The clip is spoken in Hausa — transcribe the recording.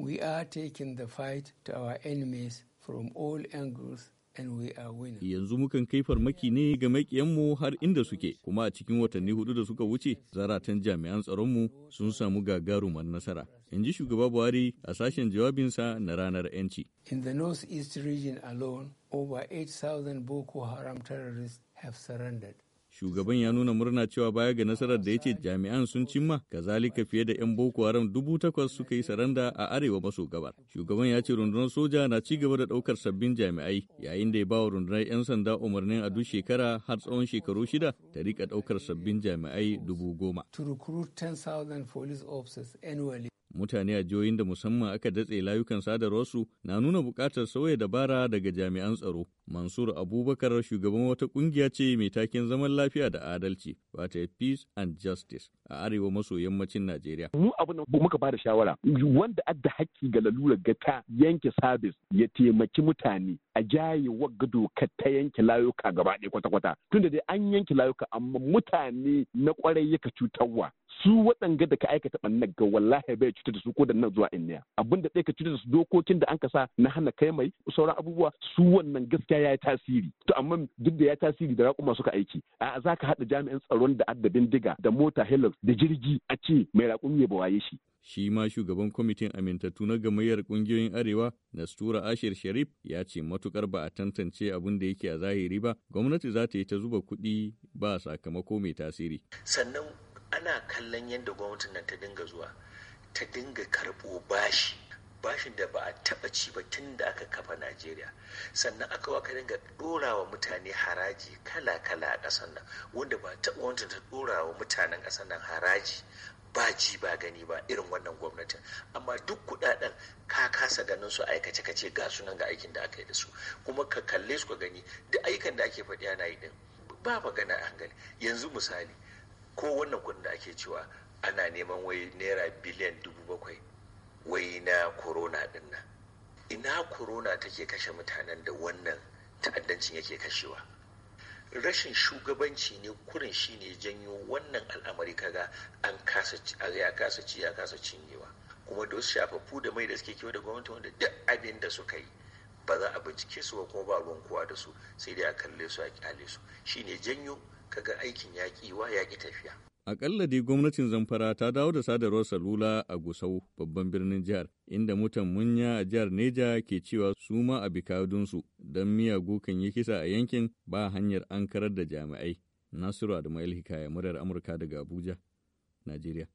We are taking the fight to our enemies from all angles and we are winning. Yanzu mukan kai farmaki ne ga makiyanmu har inda suke, kuma a cikin watanni hudu da suka wuce, zaratan jami'an tsaronmu sun samu gagarumar nasara. In ji shugaba Buhari a sashen jawabinsa na ranar 'yanci. In the North East region alone, over 8,000 Boko Haram terrorists have surrendered. Shugaban ya nuna murna cewa baya ga nasarar da ya ce jami'an sun cimma, kazalika fiye da 'yan Boko Haram dubu takwas suka yi saranda a arewa maso gabar. Shugaban ya ce rundunar soja na ci gaba da daukar sabbin jami'ai yayin da ya bawa rundunar 'yan sanda umarnin a duk shekara har tsawon shekaru shida ta rika daukar sabbin jami'ai dubu goma. mutane a jihohin da musamman aka datse layukan sadarwarsu na nuna buƙatar sauya dabara daga jami'an tsaro. Mansur Abubakar shugaban wata ƙungiya ce mai taken zaman lafiya da adalci, wata peace and justice a arewa maso yammacin Najeriya. Mu abin da muka bada shawara wanda adda haƙƙi ga lalura ga ta yanke sabis ya taimaki mutane a jaye wagga ka ta yanke layuka gaba ɗaya kwata-kwata. Tunda dai an yanke layuka amma mutane na kwarai yaka cutarwa su waɗanga da ka aikata ɓannan ga wallahi bai cuta da su ko da nan zuwa inniya abin da ka cuta da su dokokin da an ka sa na hana kai mai sauran abubuwa su wannan gaskiya ya yi tasiri to amma duk da ya tasiri da raƙuma suka aiki a za ka haɗa jami'an tsaron da adda diga da mota helix da jirgi a ce mai raƙumi ya bawaye shi shi ma shugaban kwamitin amintattu na gamayyar kungiyoyin arewa nastura ashir sharif ya ce matukar ba a tantance abin da yake a zahiri ba gwamnati za ta yi ta zuba kuɗi ba sakamako mai tasiri sannan ana kallon yadda gwamnatin nan ta dinga zuwa ta dinga karɓo bashi bashin da ba a taɓa ci ba tun da aka kafa najeriya sannan aka waka dinga ɗora wa mutane haraji kala-kala a ƙasar nan wanda ba taɓa wanda ta ɗora wa mutanen ƙasar nan haraji ba ji ba gani ba irin wannan gwamnatin amma duk kuɗaɗen ka kasa ganin su aikace kace ga sunan ga aikin da aka yi da su kuma ka kalle su ka gani duk ayyukan da ake faɗi ana yi din ba magana a hankali yanzu misali ko wannan kudin da ake cewa ana neman wai naira biliyan dubu bakwai wai na corona din nan ina corona take kashe mutanen da wannan ta'addancin yake kashewa rashin shugabanci ne kurin shi ne janyo wannan al'amari kaga an kasa ya kasa ci ya kasa cinyewa kuma da wasu shafafu da mai da suke kewa da gwamnati wanda duk abin da suka yi ba za a bincike su ba kuma ba ruwan kowa da su sai dai a kalle su a kyale su shine janyo kaga aikin yaƙiwa, ya yaƙi tafiya akalla dai gwamnatin zamfara ta dawo da sadarwar salula a gusau babban birnin jihar inda mutan munya a jihar neja ke cewa su ma a bikadunsu don miyagu kan yi kisa a yankin ba hanyar ankarar da jami'ai nasiru adamu ya murar amurka daga abuja najeriya